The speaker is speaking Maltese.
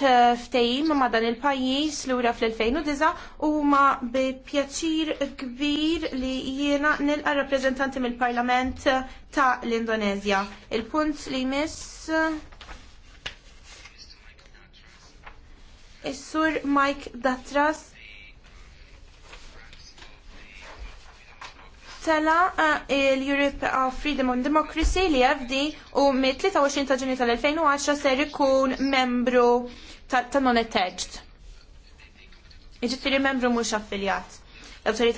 Ftehim ma dan il-pajis lura fl-2009 u ma bi pjaċir kbir li jiena nilqa rappresentanti mill-Parlament ta' l-Indonezja. Il-punt li miss Is-sur Mike Datras tela eh, l-Europe of Freedom and Democracy li e FD u mit-23 ta' ġuni tal-2010 ser ikun membru ta' non-attached. Iġifiri membru mux affiljat.